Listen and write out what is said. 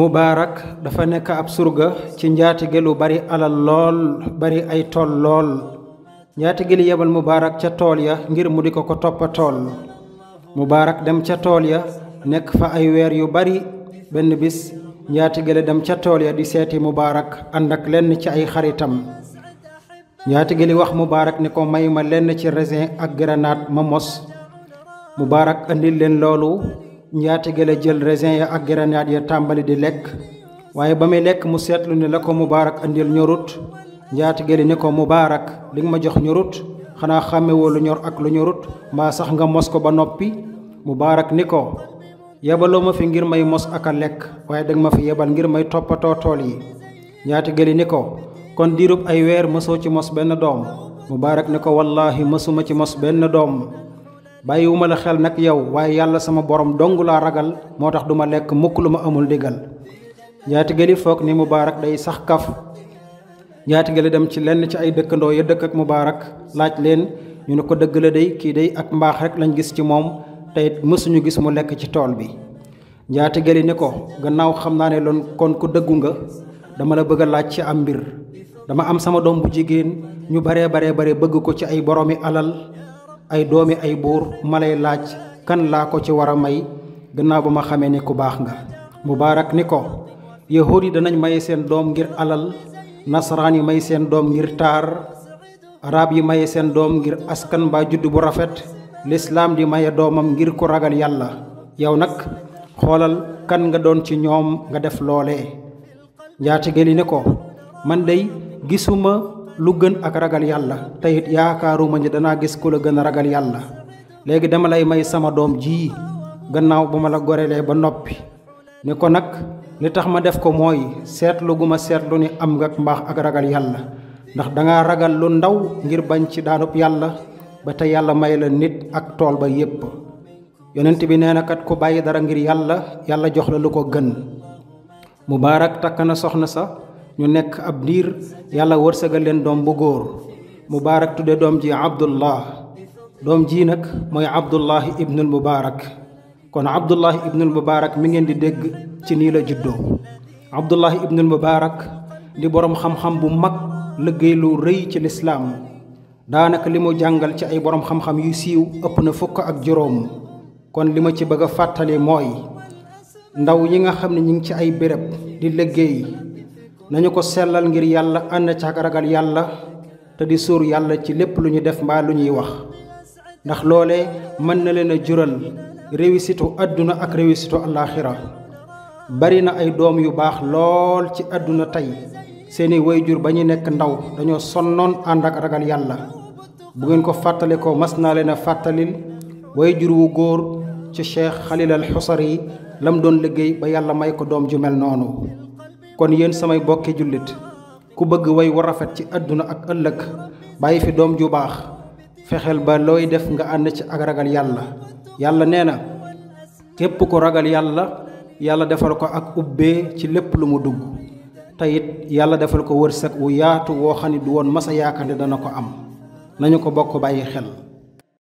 mubaarak dafa nekk ab surga ci njaatige lu bari alal lool bari ay tool lool njaatige li yebal mubaarak ca tool ya ngir mu di ko ko toppa tool mubaarak dem ca tool ya nekk fa ay weer yu bari benn bis njaatige li dem ca tool ya di seeti mubaarak ànd ak lenn ci ay xaritam njaatige li wax mubaarak ni ko may ma lenn ci résin ak grenade ma mos mubaarak andil loolu njaatige la jël raisin ya ak grenade ya tàmbali di lekk waaye ba muy lekk mu seetlu ne la ko mubaarak andil ñorut njaatige li ni ko mubaarak li nga ma jox ñorut xanaa xàmmewoo lu ñor ak lu ñorut mbaa sax nga mos ko ba noppi mubaarak ni ko yebaloo ma fi ngir may mos ak a lekk waaye danga ma fi yebal ngir may toppatoo tool yi njaatige li ni ko kon diirub ay weer mësoo ci mos benn doom mubaarak ni ko wallaahi mësuma ci mos benn doom bàyyiwuma la xel nag yow waaye yàlla sama borom dong laa ragal moo tax du ma lekk mukk lu ma amul ndigal njaatigéli foog ni mubaarak day sax kaf njaatigéli dem ci lenn ci ay dëkkandoo ya dëkk ak mubaarak laaj leen ñu ne ko dëgg la day kii day ak mbaax rek lañ gis ci moom te it mësuñu gis mu lekk ci tool bi njaatigéli ni ko gannaaw xam naa ne loon kon ko dëggu nga dama la bëgg a laaj ci am mbir dama am sama doom bu jigéen ñu baree baree bare bëgg ko ci ay boroomi alal ay doomi ay buur malay laaj kan laa ko ci war a may gannaaw ba ma xamee ni ku baax nga mubaarak ni ko yahuud yi danañ may seen doom ngir alal nasaraan yi may seen doom ngir taar rab yi may seen doom ngir askan mbaa judd bu rafet lislaam di maye doomam ngir ku ragal yàlla yow nag xoolal kan nga doon ci ñoom nga def loolee njaatige li ni ko man dey gisuma lu gën ak ragal yàlla teyit yaakaaruma ni danaa gis ku la gën a ragal yàlla léegi dama lay may sama doom ji gannaaw ba ma la gorelee ba noppi ni ko nag li tax ma def ko mooy seetlu gu ma seetlu ni am nga mbaax ak ragal yàlla ndax danga ragal lu ndaw ngir bañ ci daanub yàlla ba te yàlla may la nit ak tool ba yépp yonent bi nee na kat ku bàyyi dara ngir yàlla yàlla jox la lu ko gën mubaarak takk na soxna sa ñu nekk ab diir yàlla wërsëgal leen doom bu góor mubaarak tudde doom ji abdullah doom ji nag mooy abdullahi ibnul mubaarak kon abdullahi ibnul mubaarak mi ngeen di dégg ci nii la juddoo abdullahi ibnul mubaarak di boroom xam-xam bu mag liggéey lu rëy ci lislaam daanaka li mu jàngal ci ay boroom xam-xam yu siiw ëpp na fukk ak juróom kon li ma ci bëgg a fàttali mooy ndaw yi nga xam ne ñi ngi ci ay béréb di liggéey nañu ko seelal ngir yàlla ànd ci ak ragal yàlla te di suur yàlla ci lépp lu ñu def mbaa lu ñuy wax ndax loole mën na leen a jural réussite àdduna ak réussite àllaaxira bari na ay doom yu baax lool ci àdduna tey seeni jur ba ñu nekk ndaw dañoo sonnoon ànd ak ragal yàlla bu ngeen ko fàttale mas naa leen a way jur wu góor ci Cheikh Xalil al lam doon liggéey ba yàlla may ko doom ju mel noonu kon yéen samay bokki jullit ku bëgg way wu rafet ci àdduna ak ëllëg bàyyi fi doom ju baax fexeel ba looy def nga ànd ci ak ragal yàlla yàlla nee na képp ko ragal yàlla yàlla defal ko ak ubbee ci lépp lu mu dugg te it yàlla defal ko wërsëg wu yaatu woo xam ne du woon masa yaakaar ne dana ko am nañu ko bokk bàyyi xel